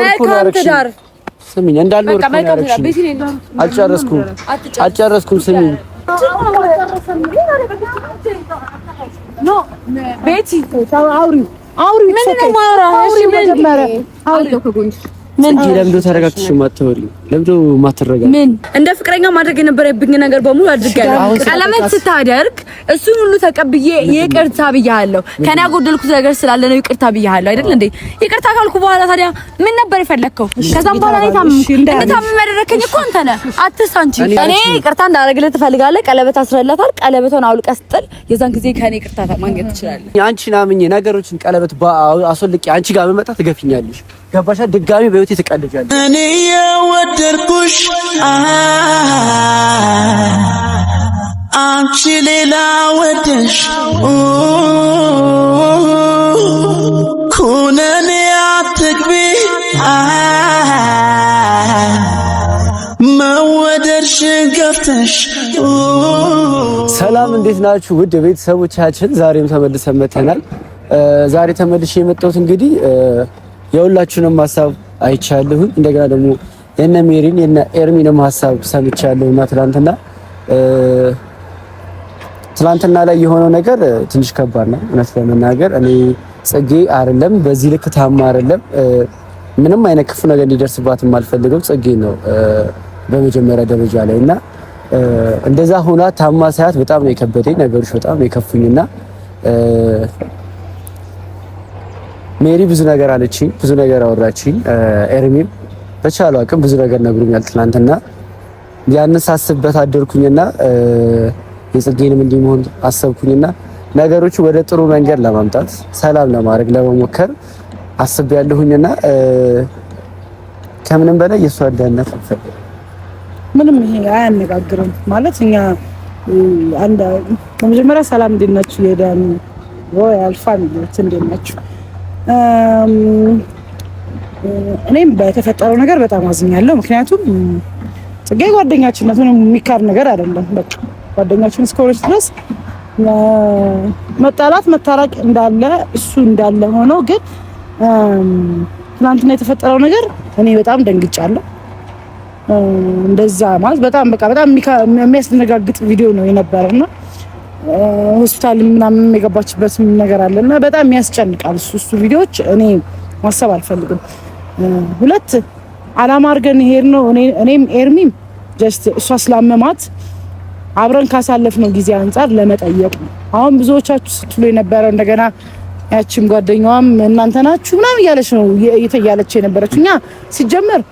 መልካም ትዳር ስሚኝ፣ እንዳልወርኩ አልጨረስኩም፣ አልጨረስኩም። ስሚኝ ቤቲ አውሪ፣ አውሪ፣ ምን ነው ማውራ? እሺ፣ ምን ምን ለምዶ ተረጋግተሽ ማተወሪ ለምዶ ማትረጋ ምን እንደ ፍቅረኛ ማድረግ የነበረብኝ ነገር በሙሉ አድርጋለሁ። ቀለበት ስታደርግ እሱን ሁሉ ተቀብዬ ይቅርታ ብያለሁ። ከኔ ያጎደልኩት ነገር ስላለ ነው ይቅርታ ብያለሁ አይደል እንዴ? ይቅርታ ካልኩ በኋላ ታዲያ ምን ነበር የፈለግከው? ከዛም በኋላ እኔ ታም እንድታመም ያደረከኝ እኮ አንተ ነህ። አትሳንቺ። እኔ ይቅርታ እንዳደረግልህ ትፈልጋለህ። ቀለበት አስረላታል። ቀለበቱን አውልቀ ስትጥል የዛን ጊዜ ከኔ ይቅርታ ማግኘት ትችላለህ። አንቺን አምኜ ነገሮችን ቀለበት አስወልቄ አንቺ ጋር በመጣ ትገፊኛለሽ ገባሻ? ድጋሚ በህይወቴ ትቀልጃለሽ። እኔ የወደድኩሽ አንቺ ሌላ ወደሽ ኩነኔ አትግቢ መወደድሽን ገፍተሽ ሰላም እንዴት ናችሁ? ውድ ቤተሰቦቻችን ዛሬም ተመልሰን መጥተናል። ዛሬ ተመልሼ የመጣሁት እንግዲህ የሁላችሁንም ሀሳብ አይቻለሁኝ። እንደገና ደግሞ የነ ሜሪን የነ ኤርሚንም ሀሳብ ሰምቻለሁና ትላንትና ትላንትና ላይ የሆነው ነገር ትንሽ ከባድ ነው እውነት ለመናገር እኔ ጽጌ አይደለም በዚህ ልክ ታማ አይደለም ምንም አይነት ክፉ ነገር እንዲደርስባት የማልፈልገው ጽጌ ነው በመጀመሪያ ደረጃ ላይ እና እንደዛ ሆና ታማ ሳያት በጣም ነው የከበደኝ ነገሮች በጣም ነው የከፉኝና ሜሪ ብዙ ነገር አለችኝ፣ ብዙ ነገር አወራችኝ። ኤርሚም በቻለው አቅም ብዙ ነገር ነግሮኛል። ትናንትና ያንን ሳስብበት አደርኩኝና የጽጌንም እንዲህ መሆን አሰብኩኝና ነገሮቹ ወደ ጥሩ መንገድ ለማምጣት ሰላም ለማድረግ ለመሞከር አስብ ያለሁኝና ከምንም በላይ የእሷ ደህንነት ምንም ይሄ አያነጋግርም ማለት እኛ አንድ ከመጀመሪያ ሰላም እንዴት ናችሁ? የዳን ሮያል ፋሚሊዎች እንዴት ናችሁ? እኔም በተፈጠረው ነገር በጣም አዝኛለሁ። ምክንያቱም ጽጌ ጓደኛችን ምንም የሚካድ ነገር አይደለም። በቃ ጓደኛችን እስከሆነች ድረስ መጣላት መታረቅ እንዳለ እሱ እንዳለ ሆኖ ግን ትናንትና የተፈጠረው ነገር እኔ በጣም ደንግጫለሁ። እንደዛ ማለት በጣም በቃ በጣም የሚያስደነጋግጥ ቪዲዮ ነው የነበረውና ሆስፒታል ምናምን የገባችበት ነገር አለ እና በጣም ያስጨንቃል። እሱ እሱ ቪዲዮዎች እኔ ማሰብ አልፈልግም። ሁለት አላማ አድርገን ሄድ ነው። እኔም ኤርሚም ጀስት እሷ ስላመማት አብረን ካሳለፍነው ጊዜ አንጻር ለመጠየቅ ነው። አሁን ብዙዎቻችሁ ስትሉ የነበረው እንደገና ያችም ጓደኛዋም እናንተ ናችሁ ምናምን እያለች ነው እየተያለች የነበረች እኛ ሲጀመር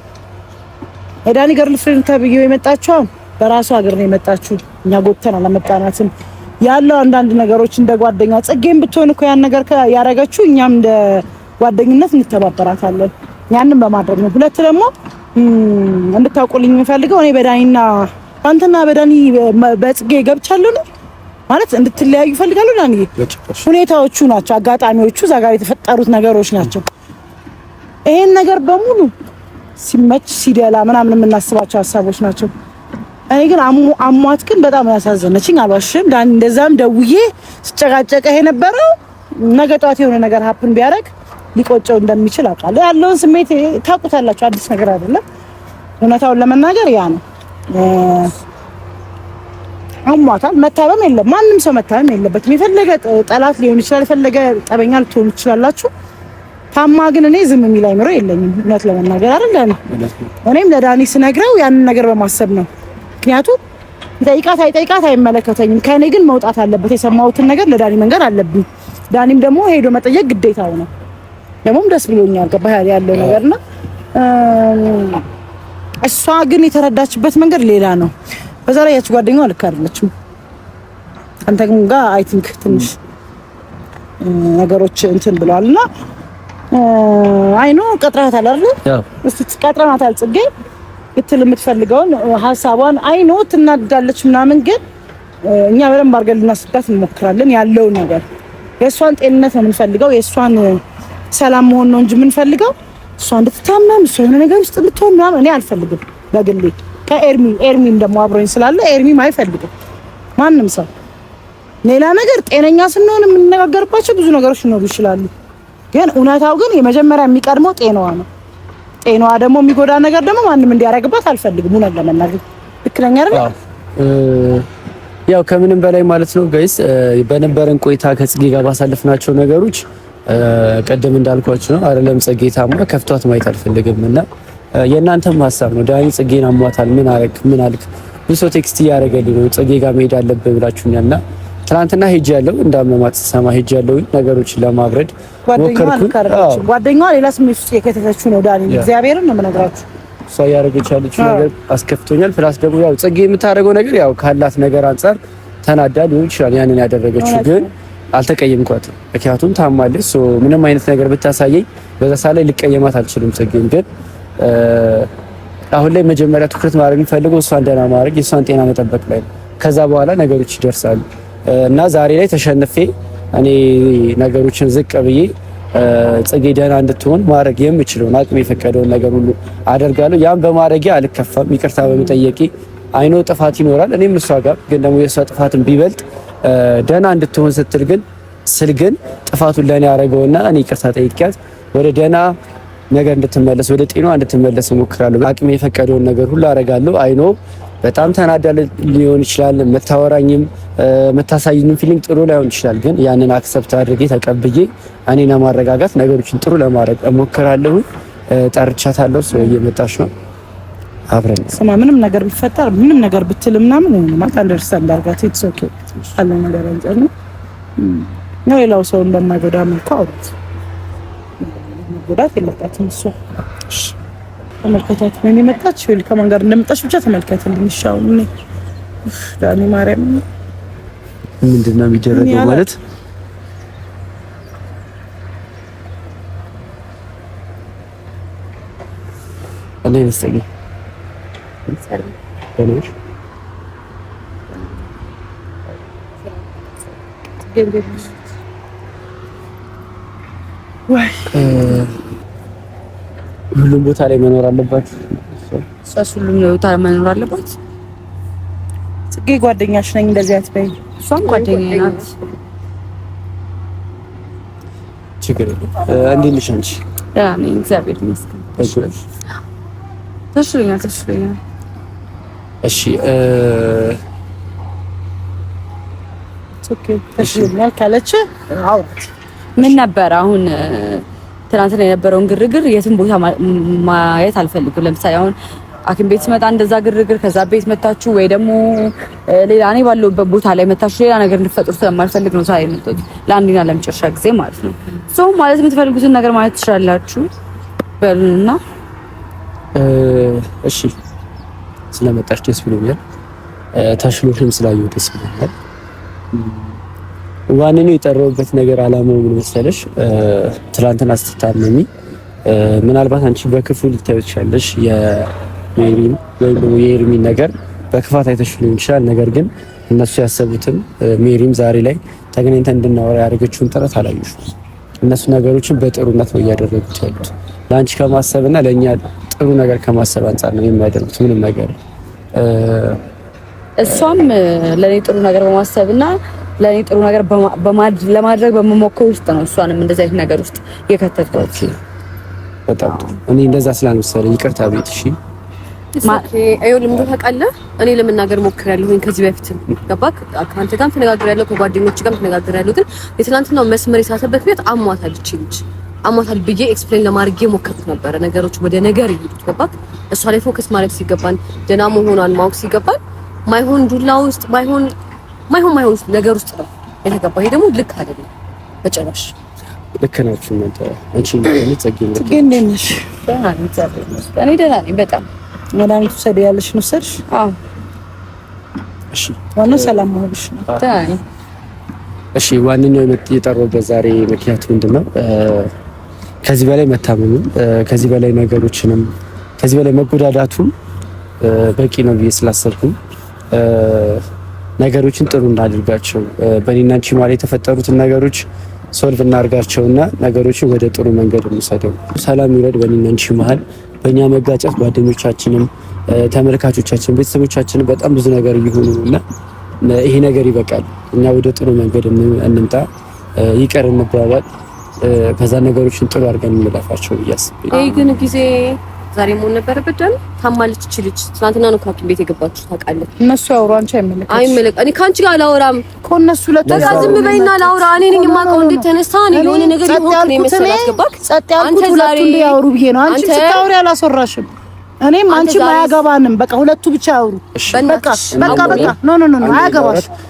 የዳኒ ገርል ተብዬው የመጣችው በራሱ ሀገር ነው የመጣችሁ። እኛ ጎብተን አላመጣናትም። ያለው አንዳንድ ነገሮች እንደ ጓደኛ ጽጌም ብትሆን እኮ ያን ነገር ያደረገችው እኛም እንደ ጓደኝነት እንተባበራታለን። ያንን በማድረግ ነው። ሁለት ደግሞ እንድታውቁልኝ የምፈልገው እኔ በዳኒና በአንተና በዳኒ በጽጌ ገብቻለሁ ነው ማለት እንድትለያዩ ይፈልጋሉ ዳኒ። ሁኔታዎቹ ናቸው፣ አጋጣሚዎቹ እዛ ጋር የተፈጠሩት ነገሮች ናቸው። ይሄን ነገር በሙሉ ሲመች ሲደላ ምናምን የምናስባቸው ሀሳቦች ናቸው። እኔ ግን አሟት ግን በጣም ያሳዘነችኝ አልዋሽም። እንደዛም ደውዬ ስጨቃጨቀ የነበረው ነገ ጠዋት የሆነ ነገር ሀፕን ቢያደርግ ሊቆጨው እንደሚችል አውቃለሁ። ያለውን ስሜት ታውቁታላችሁ፣ አዲስ ነገር አይደለም። እውነታውን ለመናገር ያ ነው። አሟታል። መታመም የለም ማንም ሰው መታመም የለበትም። የፈለገ ጠላት ሊሆን ይችላል፣ የፈለገ ጠበኛ ልትሆኑ ትችላላችሁ። ታማ ግን እኔ ዝም የሚል አይምሮ የለኝም እውነት ለመናገር አይደለም። እኔም ለዳኒ ስነግረው ያንን ነገር በማሰብ ነው ምክንያቱም ጠይቃት አይጠይቃት አይመለከተኝም። ከእኔ ግን መውጣት አለበት። የሰማሁትን ነገር ለዳኒ መንገር አለብኝ። ዳኒም ደግሞ ሄዶ መጠየቅ ግዴታው ነው። ደግሞም ደስ ብሎኛል ገባህ ያለው ነገርና እሷ ግን የተረዳችበት መንገድ ሌላ ነው። በዛ ላይ ያች ጓደኛዋ ልክ አይደለችም። አንተ ግን ጋ አይ ቲንክ ትንሽ ነገሮች እንትን ብለዋልና አይኖ ቀጥረሃታል አይደል? እስቲ ቀጥረናታል ጽጌ ልትል የምትፈልገውን ሀሳቧን አይኖ ትናድዳለች ምናምን፣ ግን እኛ በደንብ አድርገን ልናስረዳት እንሞክራለን። ያለውን ነገር የእሷን ጤንነት ነው የምንፈልገው፣ የእሷን ሰላም መሆን ነው እንጂ የምንፈልገው እሷ እንድትታመም እሷ የሆነ ነገር ውስጥ እንድትሆን ምናምን እኔ አልፈልግም በግሌ ከኤርሚ ኤርሚም ደግሞ አብሮኝ ስላለ ኤርሚም አይፈልግም ማንም ሰው። ሌላ ነገር ጤነኛ ስንሆን የምንነጋገርባቸው ብዙ ነገሮች ሊኖሩ ይችላሉ። ግን እውነታው ግን የመጀመሪያ የሚቀድመው ጤናዋ ነው። ጤናዋ ደግሞ የሚጎዳ ነገር ደግሞ ማንም እንዲያደርግባት አልፈልግም። እውነት ለመናገር ትክክለኛ አይደል? ያው ከምንም በላይ ማለት ነው ጋይስ በነበረን ቆይታ ከጽጌ ጋር ባሳለፍናቸው ነገሮች ቀደም እንዳልኳችሁ ነው አይደለም፣ ጽጌ ታማ ከፍቷት ማየት አልፈልግም እና የእናንተም ሀሳብ ነው። ዳኒ ጽጌን አሟታል፣ ምን አረክ፣ ምን አልክ፣ ብሶ ቴክስት እያደረገልኝ ነው ጽጌ ጋር መሄድ አለብህ ብላችሁኛልና ትናንትና ሄጅ ያለው እንዳመማት ሰማ ሄጅ ያለው ነገሮችን ለማብረድ ሞከርኩኝ። ጓደኛዋ ሌላ ስሜት ውስጥ የከተተችው ነው ዳኒ። እግዚአብሔርን ነው የምነግራችሁ። እሷ እያደረገች ያለችው ነገር አስከፍቶኛል። ፕላስ ደግሞ ያው ጽጌ የምታደርገው ነገር ያው ካላት ነገር አንጻር ተናዳ ሊሆን ይችላል ያንን ያደረገችው ግን አልተቀየምኳትም። ምክንያቱም ታማለች። ሶ ምንም አይነት ነገር ብታሳየኝ በዛ ሳ ላይ ልቀየማት አልችልም። ጽጌን ግን አሁን ላይ መጀመሪያ ትኩረት ማድረግ የሚፈልገው እሷን ደህና ማድረግ፣ የእሷን ጤና መጠበቅ ላይ ነው። ከዛ በኋላ ነገሮች ይደርሳሉ። እና ዛሬ ላይ ተሸንፌ እኔ ነገሮችን ዝቅ ብዬ ጽጌ ደህና እንድትሆን ማድረግ የምችለውን አቅም የፈቀደውን ነገር ሁሉ አደርጋለሁ። ያን በማድረጌ አልከፋም። ይቅርታ በመጠየቄ አይኖ ጥፋት ይኖራል። እኔም እሷ ጋር ግን ደግሞ የእሷ ጥፋትን ቢበልጥ ደህና እንድትሆን ስትል ግን ስል ግን ጥፋቱን ለእኔ ያደረገውና እኔ ይቅርታ ጠይቂያት ወደ ደህና ነገር እንድትመለስ ወደ ጤኗ እንድትመለስ እሞክራለሁ። አቅሜ የፈቀደውን ነገር ሁሉ አደርጋለሁ። አይኖ በጣም ተናዳ ሊሆን ይችላል። መታወራኝም መታሳይኝም ፊሊንግ ጥሩ ላይሆን ይችላል። ግን ያንን አክሰፕት አድርጌ ተቀብዬ እኔ ለማረጋጋት ነገሮችን ጥሩ ለማድረግ እሞክራለሁ። ጠርቻታለሁ። ሰው እየመጣች ነው። አብረን ስማ፣ ምንም ነገር ቢፈጠር ምንም ነገር ብትል ምናምን ማለት አንደርስታንድ አድርጋት። ኢትስ ኦኬ አለ ነገር አንጻር ነው ሌላው ሰው እንደማይጎዳ መልኩ አውራት መጎዳት የለባትም እሷ ተመልከታት ምን የመጣች ወይ ከማን ጋር እንደመጣች ብቻ ተመልከትልኝ። ሻው ምን ዳኒ ማርያም ምንድን የሚደረገው ማለት እኔ መሰለኝ ወይ ሁሉም ቦታ ላይ መኖር አለባት። እሷስ ሁሉም ቦታ መኖር አለባት። ጽጌ ጓደኛሽ ነኝ እንደዚህ አትበይ። እሷም ጓደኛ ናት። ችግር የለም። እንዴት ነሽ አንቺ? ደህና ነኝ እግዚአብሔር ይመስገን። ተሽሎኛል፣ ተሽሎኛል። እሺ ኦኬ። ተሽሎኛል ካለች ምን ነበር አሁን ትናንትና የነበረውን ግርግር የትም ቦታ ማየት አልፈልግም። ለምሳሌ አሁን ሐኪም ቤት ስመጣ እንደዛ ግርግር፣ ከዛ ቤት መታችሁ ወይ ደግሞ ሌላ እኔ ባለሁበት ቦታ ላይ መታችሁ ሌላ ነገር እንድፈጥሩ ስለማልፈልግ ነው ሳይ መጡት ለአንዴና ለመጨረሻ ጊዜ ማለት ነው። ሶ ማለት የምትፈልጉትን ነገር ማለት ትችላላችሁ በሉና እሺ። ስለመጣሽ ደስ ብሎኛል። ታሽሎሽም ስላየሁ ደስ ብሎኛል። ዋነኛው የጠረውበት ነገር አላማው ምን መሰለሽ? ትላንትና ስትታመሚ ምናልባት አንቺ በክፉ ልታዩ ትችላለሽ። የሜሪን ወይም የኤርሚን ነገር በክፋት አይተሽ ሊሆን ይችላል። ነገር ግን እነሱ ያሰቡትን ሜሪም ዛሬ ላይ ተገናኝተን እንድናወራ ያደረገችውን ጥረት አላዩሽ። እነሱ ነገሮችን በጥሩነት ነው እያደረጉት ያሉት። ለአንቺ ከማሰብና ለእኛ ጥሩ ነገር ከማሰብ አንጻር ነው የሚያደርጉት ምንም ነገር እሷም ለእኔ ጥሩ ነገር በማሰብና ለእኔ ጥሩ ነገር ለማድረግ በመሞከር ውስጥ ነው እሷንም እንደዚህ አይነት ነገር ውስጥ የከተትኩት። በጣም ጥሩ። እኔ እንደዛ ስላልመሰለኝ ይቅርታ ቤት። እሺ ይኸውልህ፣ ምን ታውቃለህ፣ እኔ ለመናገር ሞክሬያለሁ። ከዚህ በፊትም ገባክ፣ ከአንተ ጋርም ተነጋግሬያለሁ፣ ከጓደኞች ጋርም ተነጋግሬያለሁ። ግን የትናንትናው መስመር የሳተበት ቤት አሟታል ልጅ አሟታል ብዬ ኤክስፕሌን ለማድረግ የሞከርኩት ነበረ። ነገሮች ወደ ነገር ይሄዱት ገባክ። እሷ ላይ ፎከስ ማድረግ ሲገባን፣ ደህና መሆኗን ማወቅ ሲገባን ማይሆን ዱላ ውስጥ ማይሆን ማይሆን ማይሆን ነገር ውስጥ ነው የተገባ። ይሄ ደግሞ ልክ አይደለም በጭራሽ። ልክ ናችሁ እናንተ። አንቺ ጽጌ እንደት ነሽ? ደህና ነኝ እግዚአብሔር ይመስገን። እኔ ደህና ነኝ በጣም። መድኃኒት ውሰድ ያለሽን ወሰድሽ? አዎ። እሺ፣ ዋናው ሰላም መሆንሽ ነው። ደህና ነኝ። እሺ፣ ዋነኛው የጠራሁበት ዛሬ ምክንያት ምንድን ከዚህ በላይ መታመምም ከዚህ በላይ ነገሮችንም ከዚህ በላይ መጎዳዳቱም በቂ ነው ብዬ ስላሰብኩኝ ነገሮችን ጥሩ እንዳድርጋቸው በእኔና አንቺ ማለት የተፈጠሩትን ነገሮች ሶልቭ እናርጋቸውና ነገሮችን ወደ ጥሩ መንገድ እንውሰደው። ሰላም ይውረድ በእኔና አንቺ መሀል። በእኛ መጋጨት ጓደኞቻችንም፣ ተመልካቾቻችን፣ ቤተሰቦቻችንም በጣም ብዙ ነገር እየሆኑ እና ይሄ ነገር ይበቃል። እኛ ወደ ጥሩ መንገድ እንምጣ፣ ይቅር እንባባል፣ ከዛ ነገሮችን ጥሩ አድርገን እንለፋቸው ብዬ አስቤ ይህ ግን ጊዜ ዛሬ መሆን ነበረበት። ደህና ታማለች እቺ ልጅ። ትናንትና ነው ሐኪም ቤት የገባችሁ ታውቃለህ። እነሱ ያወሩ አንቺ አይመለከትም። አይመለከ እኔ ካንቺ ጋር አላወራም እኮ እነሱ ለተ በቃ ዝም በይና ላውራ። እኔ ነኝ የማውቀው። እንዴት ተነሳ ነው የሆነ ነገር ይሆን ነው መሰለህ አስገባክ። ጸጥ ያልኩት ሁለቱ እንዲያወሩ ብዬ ነው። አንቺ ስታወሪ አላሰራሽም። እኔም አንቺም አያገባንም። በቃ ሁለቱ ብቻ ያውሩ። በቃ በቃ በቃ። ኖ ኖ ኖ አያገባሽ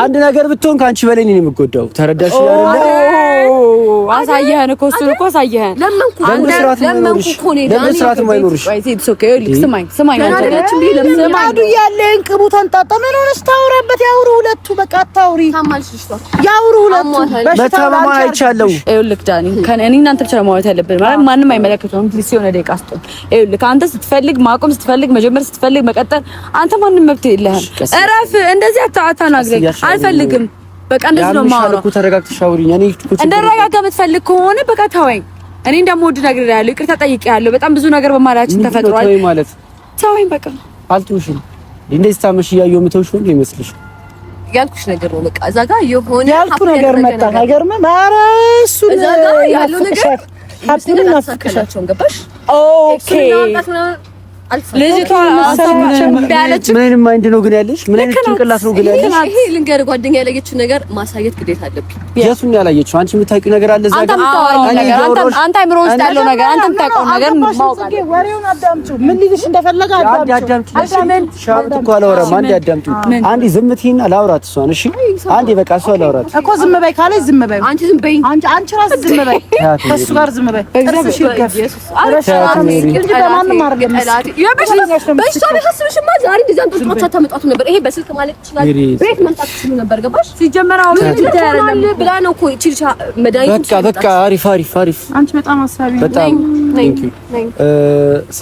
አንድ ነገር ብትሆን ከአንቺ በላይ እኔ ነው የምጎዳው። ተረዳሽ? አሳየኸን እኮ እሱን እኮ ለምን ማዱ እንቅቡ ተንጣጣ። ምን ሆነሽ? ታውራበት ያውሩ ሁለቱ በቃ አታውሪ፣ ያውሩ ሁለቱ በተማማ ይኸውልህ ዳኒ፣ እኔ እናንተ ብቻ ማውራት ያለብን ማለት ማንም አይመለከተውም። ፕሊስ የሆነ ደቂቃ ስጡን። ይኸውልህ አንተ ስትፈልግ ማቆም ስትፈልግ መጀመር ስትፈልግ መቀጠል አንተ ማንም መብት የለህም። እረፍ እንደዚህ እንደዚህ አታናግረኝ፣ አልፈልግም። በቃ እንደዚህ ነው የማወራው። ተረጋግተሽ አውሪኝ። እኔ እንደረጋጋ የምትፈልግ ከሆነ በቃ ተወኝ። እኔ እንደምወድ ነግሬሃለሁ፣ ይቅርታ ጠይቄሃለሁ። በጣም ብዙ ነገር በማላችን ተፈጥሯል። ተወኝ ማለት ተወኝ፣ በቃ አልተውሽም። እንደዚህ ታመሽ እያየሁ የምተውሽ ነው ይመስልሽ? ያልኩሽ ነገር ነው። በቃ እዛ ጋር የሆነ ያልኩ ነገር መጣ ነገር ማራሱ እዛ ጋር ያለው ነገር ሀብቱን ናፍቀሻቸው ገባሽ? ኦኬ ልጅቷ ያለችው ምንም ማይንድ ነው ግን ያለሽ? ምን አይነት ጭንቅላት ነው ግን ያለሽ? ይሄ ልንገር ጓደኛ ያለየችው ነገር ማሳየት ግዴታ አለብኝ። የቱን ያላየችው? አንቺ የምታውቂው ነገር አለ እዛ ጋር። አንተ አይምሮ ውስጥ ያለው ነገር አንተ የምታውቀው ነገር ማወቅ አለ። ወሬውን አዳምጪው። ምን ልልሽ እንደፈለገ አዳምጪው። ሻውት እኮ አላወራም። አንዴ አዳምጪው። አንዴ ዝም ትይና ላውራት እሷን። እሺ አንዴ በቃ እሷ ላውራት እኮ ዝም በይ ካለሽ ዝም በይ። አንቺ ዝም በይ። አንቺ አንቺ ራስሽ ዝም በይ። ከእሱ ጋር ዝም በይ። ጥርስሽ ይርገፍ። በማንም አድርገን በእሷ ቢያሳስብሽማ ዛሬ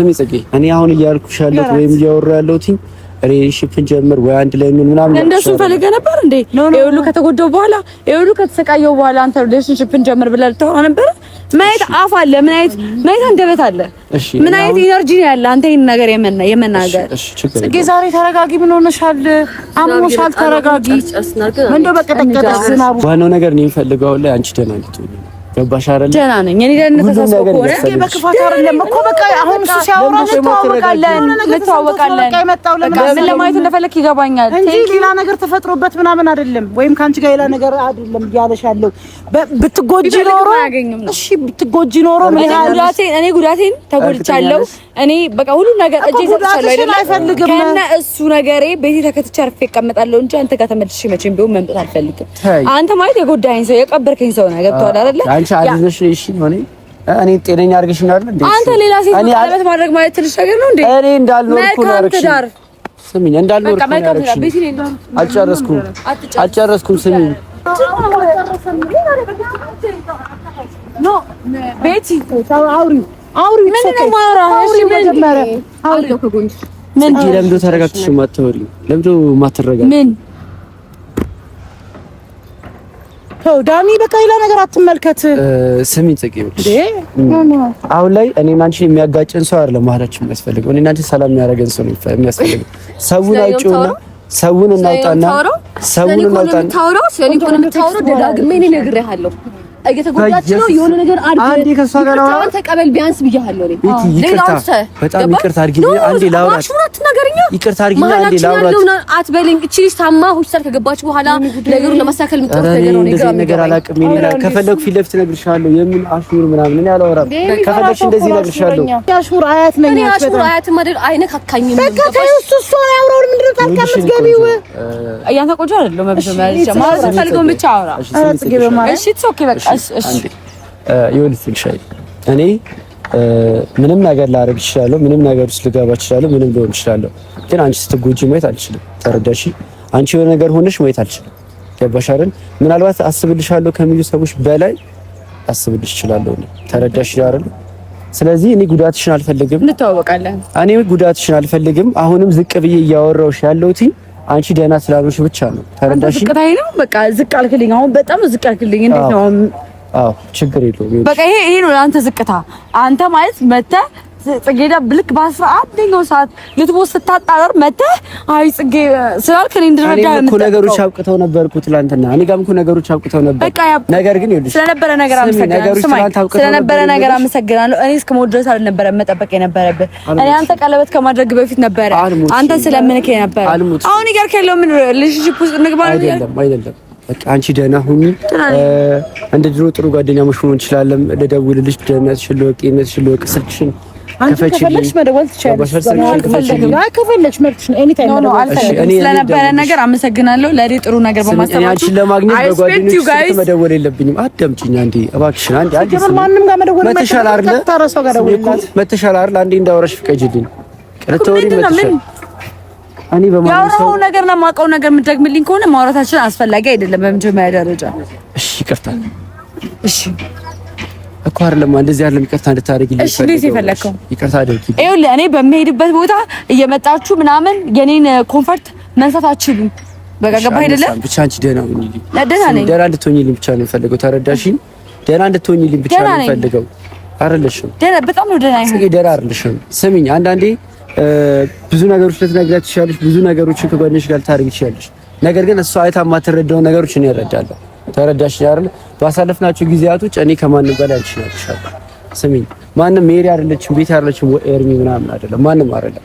እንደዚያ አሁን እያልኩሽ ያለሁት ወይም እያወራሁ ያለሁት ሪሌሽንሽፕን ጀምር ወይ አንድ ላይ ምን ምናምን እንደሱ ፈልገህ ነበር እንዴ? ይሄ ሁሉ ከተጎዳው በኋላ ይሄ ሁሉ ከተሰቃየው በኋላ አንተ ሪሌሽንሽፕን ጀምር ብለህ ልታወራ ነበር። ማየት አፍ አለ፣ ማየት አንደበት አለ ምን አይነት ኢነርጂ ነው ያለ አንተ ይሄን ነገር የመና የመናገር? ጽጌ ዛሬ ተረጋጊ። ምን ሆነሻል? አሞሻል። ተረጋጊ። እንደው በቀጠቀጠ ዝናቡ ዋናው ነገር ነው የምፈልገው ላይ አንቺ ደህና ልትሆኚ ነው ገባሽ አይደል? ደህና ነኝ እኔ ደህንነት ተሳስቦ ከሆነ እስኪ በክፋት አይደለም እኮ በቃ አሁን እሱ ሲያወራ እንተዋወቃለን እንተዋወቃለን። ምን ለማየት እንደፈለክ ይገባኛል እንጂ ሌላ ነገር ተፈጥሮበት ምናምን አይደለም፣ ወይም ከአንቺ ጋር ሌላ ነገር አይደለም እያለሽ ያለው ብትጎጂ ኖሮ እሺ፣ ብትጎጂ ኖሮ ምን ያህል እኔ ጉዳቴን ተጎድቻለሁ እኔ በቃ ሁሉ ነገር እጄ ሰጥቻለሁ አይደለም ከነ እሱ ነገሬ ቤቴ ተከትቼ አርፌ እቀመጣለሁ እንጂ አንተ ጋር ተመልሼ መቼም ቢሆን መምጣት አልፈልግም። አንተ ማለት የጎዳኸኝ ሰው የቀበርከኝ ሰው ነው። ገብቶሃል አይደለ? አንቺ አዝነሽ እሺ ነው እኔ እኔ ጤነኛ አድርገሽ ነው አይደል? አንተ ሌላ ሴት ቀለበት ማድረግ ማለት ትልሽ ነገር ነው እንዴ? እኔ እንዳልኖርኩ ነው አድርገሽ ስሚኝ፣ እንዳልኖርኩ ነው አድርገሽ አልጨረስኩም፣ አልጨረስኩም ስሚኝ ቤቲ አውሪው አውሪው ለምዶ ተረጋግተሽ ማተወሪ ለምዶ ማትረጋ ምን ተው ዳኒ፣ በቃ ሌላ ነገር አትመልከት። ስሚ ፅጌ፣ አሁን ላይ እኔና አንቺ የሚያጋጭን ሰው አይደለም ማለትሽ የሚያስፈልገው እኔና አንቺ ሰላም የሚያደርገን ሰው ነው የሚያስፈልገው። ሰውን አውጪውና ሰውን እናውጣና ሰውን እናውጣና ታውራው ሰውን እናውጣና ደጋግሜ እኔ እነግርሃለሁ እየተጎዳች ነው። የሆነ ነገር አንዴ ከሷ ጋር አውራ ተቀበል ቢያንስ ብያለሁ። በጣም ይቅርታ አድርጊኝ። አንዴ ላውራ ይቅርታ አድርጊኝ። አንዴ ላውራ አትበለኝ። እቺ ልጅ ታማ ሆስፒታል ከገባች በኋላ ነገሩን ለማስተካከል የምትወስደው ነገር ነው። እኔ ነገር አላውቅም። እኔ ከፈለኩ ፊት ለፊት እነግርሻለሁ። የምን አሽሙር ምናምን እኔ አላወራም። ከፈለግሽ እንደዚህ እነግርሻለሁ። አሽሙር አያት ነኝ። አሽሙር አያት ማደር አይነካካኝም። በቃ ተይው። እሱ እሱ አያወራውም። ምንድን ነው ታልካ የምትገቢው? እያንተ ቆንጆ አይደለም። መብሰማ ማለት ፈልገው ብቻ አውራ። እሺ፣ ትስ ኦኬ በቃ እኔ ምንም ነገር ላደርግ እችላለሁ፣ ምንም ነገር ውስጥ ልገባ እችላለሁ፣ ምንም ልሆን እችላለሁ። ግን አንቺ ስትጎጂ ማየት አልችልም። ተረዳሽ? አንቺ የሆነ ነገር ሆነሽ ማየት አልችልም። ገባሽ አይደል? ምናልባት አስብልሻለሁ ከሚሉ ሰዎች በላይ አስብልሽ እችላለሁ። ተረዳሽ አይደል? ስለዚህ እኔ ጉዳትሽን አልፈልግም። እንተዋወቃለን። እኔ ጉዳትሽን አልፈልግም። አሁንም ዝቅ ብዬ እያወራሁሽ ያለሁት አንቺ ደህና ስላሉሽ ብቻ ነው። ተረዳሽ? ዝቅታይ ነው በቃ ዝቅ አልክልኝ። አሁን በጣም ዝቅ አልክልኝ። እንዴት ነው? አዎ ችግር የለውም። በቃ ይሄ ይሄ ነው አንተ ዝቅታ። አንተ ማለት መተህ ጽጌዳ ብልክ በአስራ አንደኛው ሰዓት ልትቦት ስታጣረር መተህ አይ ጽጌ ስላልክ እኔ እንድረዳ እኮ ነገሮች አብቅተው ነበር እኮ ትናንትና። እኔ ጋርም እኮ ነገሮች አብቅተው ነበር። ነገር ግን ይኸውልሽ ስለነበረ ነገር አመሰግናለሁ። ስለነበረ ነገር አመሰግናለሁ። እኔ እስከ እስከሞት ድረስ አልነበረም መጠበቅ የነበረብህ። እኔ አንተ ቀለበት ከማድረግ በፊት ነበረ አንተ ስለምንክ የነበረ። አሁን ይገር ከሌለው ምን ሪሌሽንሺፕ ውስጥ እንግባ አይደለም አይደለም በቃ አንቺ ደህና ሁኚ። እንደ ድሮ ጥሩ ጓደኛሞች መሆን እንችላለን። ልደውልልሽ ደህንነትሽን ልወቅ፣ የእምነትሽን ልወቅ ስልክሽን ከፈለግሽ መደወል ትችያለሽ። ስለነበረ ነገር አመሰግናለሁ። ለእኔ ጥሩ ነገር በማሰባችሁ ለማግኘት በጓደኞች መደወል የለብኝም። አዳምጪኝ አንዴ እባክሽን። አንዴ ማንም ጋር መደወል መተሻል መተሻል አንዴ እንዳወራሽ መተሻል እኔ ነገር የምትደግምልኝ ከሆነ ማውራታችን አስፈላጊ አይደለም በመጀመሪያ ደረጃ። እሺ ይቅርታ። እሺ እኮ አይደለም እንደዚህ አይደለም። ይቅርታ እንድታደርግልኝ እሺ። እንዴት የፈለከው ይቅርታ አድርጊ። ይኸውልህ እኔ በምሄድበት ቦታ እየመጣችሁ ምናምን የኔን ኮንፈርት መንሳት አትችሉም። በቃ ገባህ አይደለ? ብቻ አንቺ ደህና ሁኚልኝ፣ ደህና እንድትሆኚልኝ ብቻ ነው የምፈልገው። ተረዳሽኝ? ደህና እንድትሆኚልኝ ብቻ ነው የምፈልገው። አይደለሽም? ደህና በጣም ነው ደህና ይሁን። ደህና አይደለሽም? ስሚኝ፣ አንዳንዴ ብዙ ነገሮች ልትነግሪያት ትችያለሽ፣ ብዙ ነገሮችን ከጓደኞች ጋር ልታደርጊ ትችያለሽ። ነገር ግን እሷ አይታ የማትረዳውን ነገሮች እኔ እረዳለሁ። ተረዳሽ አይደል? ባሳለፍናቸው ጊዜያቶች እኔ ከማንም በላይ አንቺ ስሚኝ፣ ማንም ሜሪ አይደለችም፣ ቤት አይደለችም፣ ኤርሚ ምናምን አይደለም፣ ማንም አይደለም።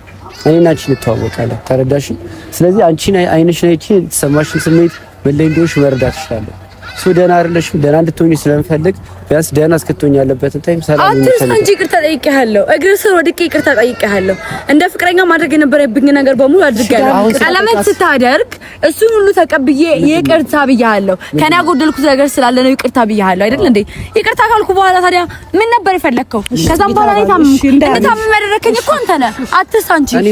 እኔና አንቺ እንተዋወቃለን። ተረዳሽን? ስለዚህ አንቺ አይነሽ ነይቺ የተሰማሽን ስሜት ምን ላይ መረዳት እችላለሁ። ሶ ደህና አይደለሽም። ደህና እንድትሆኝ ስለምፈልግ ቢያንስ ደህና እስክትሆኚ ያለበትን ታይም ሰላም አንተ እንጂ ይቅርታ ጠይቄሃለሁ። እግር ስር ወድቄ ይቅርታ ጠይቄሃለሁ። እንደ ፍቅረኛ ማድረግ የነበረብኝ ነገር በሙሉ አድርጌያለሁ። ቀለበት ስታደርግ እሱን ሁሉ ተቀብዬ ይቅርታ ብያለሁ። ከእኔ ያጎደልኩት ነገር ስላለ ነው ይቅርታ ብያለሁ። አይደል እንዴ? ይቅርታ ካልኩ በኋላ ታዲያ ምን ነበር የፈለግከው? ከዛም በኋላ እኔ ታምሜ እንድታምም ያደረከኝ እኮ አንተ ነህ። አትርሳ እንጂ አትርሳ።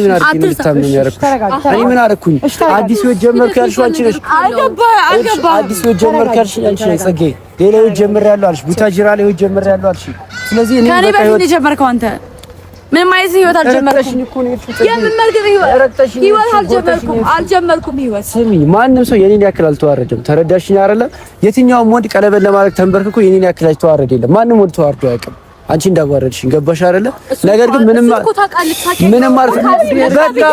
እኔ ምን አደረኩኝ? አዲስ ህይወት ጀመርክ ያልሽው አንቺ ነሽ። አልገባህ አልገባህ። አዲስ ህይወት ያልሽው አንቺ ጽጌ ሌላ ህይወት ጀምሬያለሁ አልሽ፣ ቡታጅራ ላይ ህይወት ጀምሬያለሁ አልሽ። ስለዚህ እኔ ከኔ በፊት የጀመርከው አንተ ምንም አይነት ህይወት አልጀመርኩም። አልጀመርኩም ህይወት። ስሚ ማንም ሰው የኔን ያክል አልተዋረደም። ተረዳሽኝ አይደለም? የትኛውም ወንድ ቀለበት ለማድረግ ተንበርክኮ የኔን ያክል የለም። ማንም ወንድ ተዋርዶ አያውቅም። አንቺ እንዳዋረድሽኝ ገባሽ አይደለ? ነገር ግን ምንም ምንም ማለት በቃ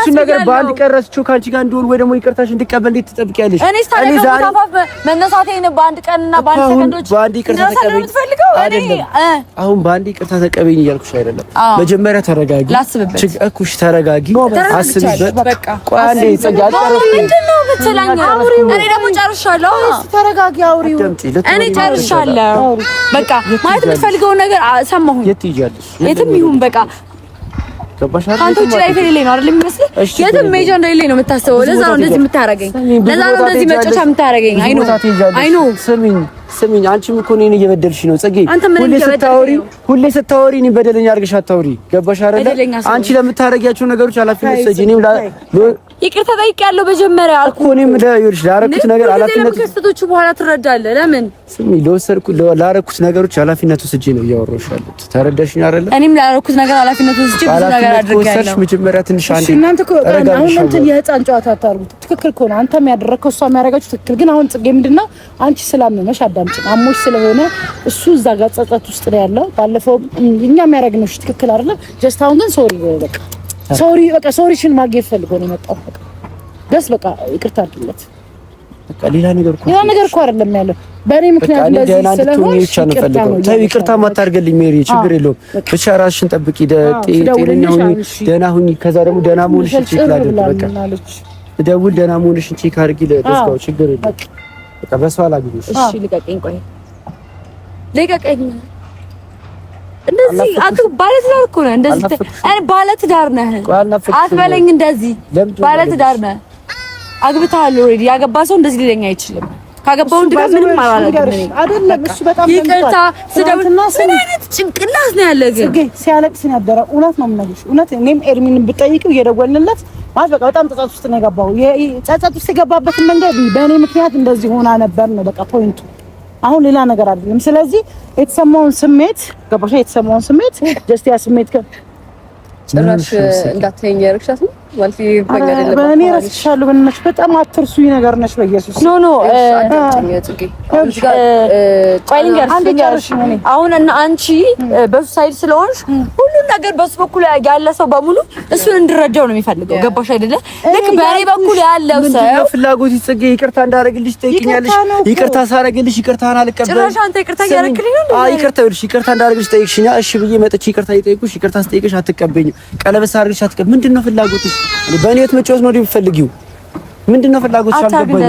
እሱ ነገር በአንድ ቀረስችው ከአንቺ ጋር እንደሆነ ወይ ደግሞ ይቅርታሽ እንድቀበል እንዴት ትጠብቂያለሽ? እኔ ዛሬ መነሳቴን በአንድ ቀንና በአንድ ሰከንዶች በአንድ ይቅርታ ተቀበይኝ አይደለም። አሁን በአንድ ይቅርታ ተቀበይኝ እያልኩሽ አይደለም። መጀመሪያ ተረጋጊ፣ ላስብበት እኮ። እሺ ተረጋጊ፣ አስብበት። በቃ ቆይ አንዴ ጽጌ አልጨረስኩም። እኔ ደግሞ ጨርሻለሁ። ተረጋጊ፣ አውሪው። እኔ ጨርሻለሁ። በቃ ማለት የምትፈልገውን ነገር ነገር ሰማሁኝ። የት ትሄጃለሽ? የትም ይሁን በቃ ከአንተ ውጭ ነው አይደል የሚመስልህ? የትም መሄጃ እንደሌለኝ ነው የምታስበው። ለዛ ነው እንደዚህ የምታረገኝ፣ ለዛ ነው እንደዚህ የምታረገኝ። አይ ነው አይ ነው። ስሚኝ ስሚኝ፣ አንቺም እኮ እኔን እየበደልሽ ነው ሁሌ ስታወሪ ሁሌ ስታወሪ እኔ በደለኛ አድርገሽ አታውሪ። ገባሽ አይደለ? አንቺ ለምታረጊያቸው ነገሮች ኃላፊነት ጽጌ እኔም ይቅርታ ያለው መጀመሪያ አልኩ እኔም ዳዩርሽ ላረኩት ነገር ኃላፊነቱ ከስቶቹ በኋላ ትረዳለህ። ለምን ስሚ፣ ለወሰድኩ ላረኩት ነገሮች ኃላፊነቱ ስጪ ነው እያወራሁሽ ያለሁት። ተረዳሽኝ አይደለ? እኔም ላረኩት ነገር ኃላፊነቱ ስጪ ብዙ ነገር አድርጋለሁ። መጀመሪያ ትንሽ አንዴ እናንተ እኮ አሁን እንትን የህፃን ጨዋታ አታርጉት። ትክክል ከሆነ አንተም ያደረግከው እሷ ያደረጋችሁ ትክክል። ግን አሁን ጽጌ ምንድን ነው አንቺ ስላመመሽ አዳምጪ። አሞሽ ስለሆነ እሱ እዛ ጋር ጸጸት ውስጥ ነው ያለው። ባለፈው እኛም ያደረግነው ትክክል አይደለ? ጀስት አሁን ግን ሶሪ በቃ ሶሪ በቃ ሶሪሽን ማግኘት ፈልጎ ነው የመጣው። ደስ በቃ ይቅርታ አድርግለት። በቃ ሌላ ነገር እኮ ሌላ ነገር እኮ አይደለም ያለው በእኔ ምክንያት እንደዚህ ስለሆነ ብቻ ነው ፈልገው። ተይ ይቅርታ ማታርገልኝ ሜሪ፣ ችግር የለውም ብቻ ራስሽን ጠብቂ፣ ጤነኛ ሁኚ፣ ደህና ሁኚ። ከዛ ደግሞ ደህና መሆንሽን ቼክ ላድርግ። በቃ ደውል፣ ደህና መሆንሽን ቼክ አድርጊ። ለደስካው ችግር የለውም በቃ በሰው አላገኘሽ። እሺ ልቀቀኝ፣ ቆይ ልቀቀኝ። እንደዚህ አንተ ባለትዳር እኮ ነህ። እንደዚህ እኔ ባለትዳር ነህ አትበለኝ። እንደዚህ ባለትዳር ነህ፣ አግብተሃል። ኦልሬዲ ያገባ ሰው እንደዚህ ሊለኝ አይችልም። ካገባው ምንም አይደለም እሱ በጣም ይቅርታ ነው ኤርሚንን እየደወልንለት ማለት በቃ በጣም ጸጸት ውስጥ ነው የገባው። ጸጸት ውስጥ የገባበትን መንገድ በእኔ ምክንያት እንደዚህ ሆና ነበር ነው በቃ ፖይንቱ አሁን ሌላ ነገር አይደለም። ስለዚህ የተሰማውን ስሜት ገባሽ? የተሰማውን ስሜት ጀስቲያ ያ ስሜት ጭራሽ እንዳትተኛ ያረግሻት ነው በእኔ ረስሻለሁ። በእናትሽ በጣም አትርሱኝ ነገር ነች። በኢየሱስ ኖ ኖ። አሁን እና አንቺ በሱ ሳይድ ስለሆንሽ ሁሉን ነገር በሱ በኩል ያለ ሰው በሙሉ እሱን እንድረዳው ነው የሚፈልገው። ገባሽ አይደለ? ልክ በእኔ በኩል ያለው ሰው ፍላጎት ጽጌ፣ ይቅርታ እንዳደርግልሽ ጠይቅኛለሽ። ይቅርታ ሳደርግልሽ ይቅርታህን አልቀበልም። ጭራሽ አንተ ይቅርታ እያደረግልኝ ነው። አዎ ይቅርታ ይኸውልሽ፣ ይቅርታ እንዳደርግልሽ ጠይቅሽኛ። እሺ ብዬ መጥቼ ይቅርታ እየጠየኩሽ ይቅርታ ስጠይቅሽ አትቀበይኝም። ቀለበት ምንድን ነው ፍላጎትሽ? በእኔ መጫወት ነው የምትፈልጊው? ምንድነው ነው ፍላጎትሽ? አልገባኝም።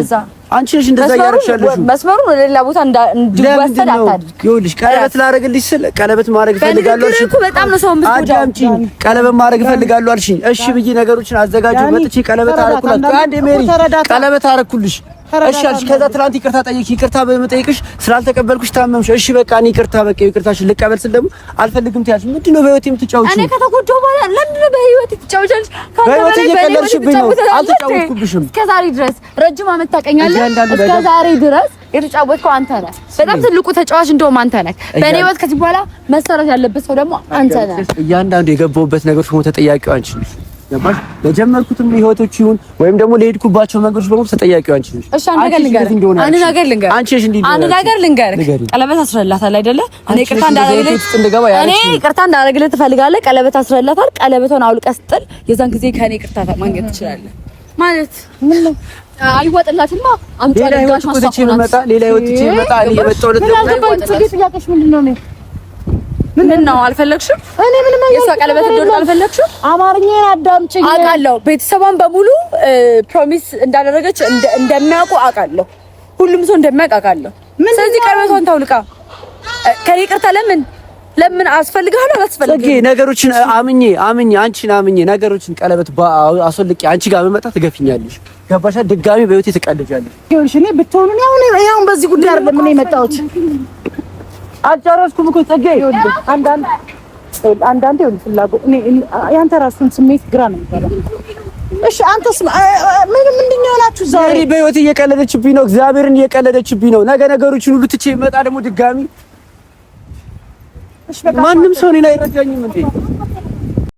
አንቺ ነሽ እንደዛ ያረሻለሽ። መስመሩ ለሌላ ወደ ሌላ ቦታ እንዲወሰድ አታድርግ። ይኸውልሽ ቀለበት ላደርግልሽ ስል ቀለበት ማድረግ እፈልጋለሁ አልሽኝ። በጣም ነው ሰው የምትወዳው። አዳምጪኝ። ቀለበት ማድረግ እፈልጋለሁ አልሽኝ። እሺ ብዬ ነገሮችን አዘጋጀሁ። መጥቼ ቀለበት አደረኩላት። አንዴ ሜሪ ቀለበት አደረኩልሽ እሺ ከዛ ትናንት ይቅርታ ጠየቅሽ። ይቅርታ በመጠየቅሽ ስላልተቀበልኩሽ ታመምሽ። እሺ በቃ እኔ ይቅርታ በቃ ይቅርታሽ ልቀበል ስል ደግሞ አልፈልግም ትያለሽ። ምንድን ነው በህይወቴ የምትጫወቺው? እኔ ከተጎዳሁ በኋላ ለምን በህይወቴ ትጫወቻለሽ? በህይወቴ እየቀለድሽብኝ ነው። አልተጫወትኩብሽም። እስከ ዛሬ ድረስ ረጅም አመት ታውቀኛለህ። እስከ ዛሬ ድረስ የተጫወትከው አንተ ነህ። በጣም ትልቁ ተጫዋች እንደውም አንተ ነህ። በእኔ ህይወት ከዚህ በኋላ መሰረት ያለበት ሰው ደግሞ አንተ ነህ። እያንዳንዱ የገባሁበት ነገር ሁሉ ተጠያቂው አንቺ ነሽ። ገባሽ? ለጀመርኩትም ህይወቶች ይሁን ወይም ደግሞ ለሄድኩባቸው ነገሮች በሙሉ ተጠያቂው አንቺ ነሽ። እሺ አንድ ነገር ልንገርህ፣ አንድ ነገር ልንገርህ፣ አንድ ነገር ልንገርህ። ቀለበት አስረላታል አይደለ? እኔ እንዳደረግልህ ትፈልጋለህ? ቀለበት አስረላታል። ቀለበቷን አውልቀህ ስጥል፣ የዛን ጊዜ ማግኘት ትችላለህ። ማለት ምን ነው አይወጥላትማ። አምጣ ሌላ ህይወት ትቼ ሌላ ህይወት እቼ እኔ የመጣሁለት ነው። ምንድን ነው? ምን ነው አልፈለግሽም? እኔ ምንም የእሷ ቀለበት እንደሆነ አልፈለግሽም። አማርኛዬን አዳምጪኝ። አውቃለሁ ቤተሰቧን በሙሉ ፕሮሚስ እንዳደረገች እንደሚያውቁ አውቃለሁ። ሁሉም ሰው እንደሚያውቅ አውቃለሁ። ስለዚህ ቀለበቷን ታውልቃ ከኔ ይቅርታ ለምን ለምን አስፈልጋለሁ? አላስፈልግም። ነገሮችን አምኜ አምኜ አንቺን አምኜ ነገሮችን ቀለበት አስወልቄ አንቺ ጋር መመጣ ትገፊኛለሽ። ገባሻ? ድጋሚ በህይወቴ ትቀልጃለሽ። ይኸውልሽ እኔ ብትሆኑ ነው ያው በዚህ ጉዳይ አይደለም እኔ የመጣሁት አልጨረስኩም እኮ ፅጌ። አንዳንዴ ፍላጎት ያንተ ራሱን ስሜት ግራ ነው የሚባለው። እሺ አንተስ ምን ምንድን ያላችሁ? ዛሬ በህይወት እየቀለደችብኝ ነው፣ እግዚአብሔርን እየቀለደችብኝ ነው። ነገ ነገሮችን ሁሉ ትቼ ይመጣ ደግሞ ድጋሚ እሺ ማንም ሰው እኔን አይረዳኝም እንዴ?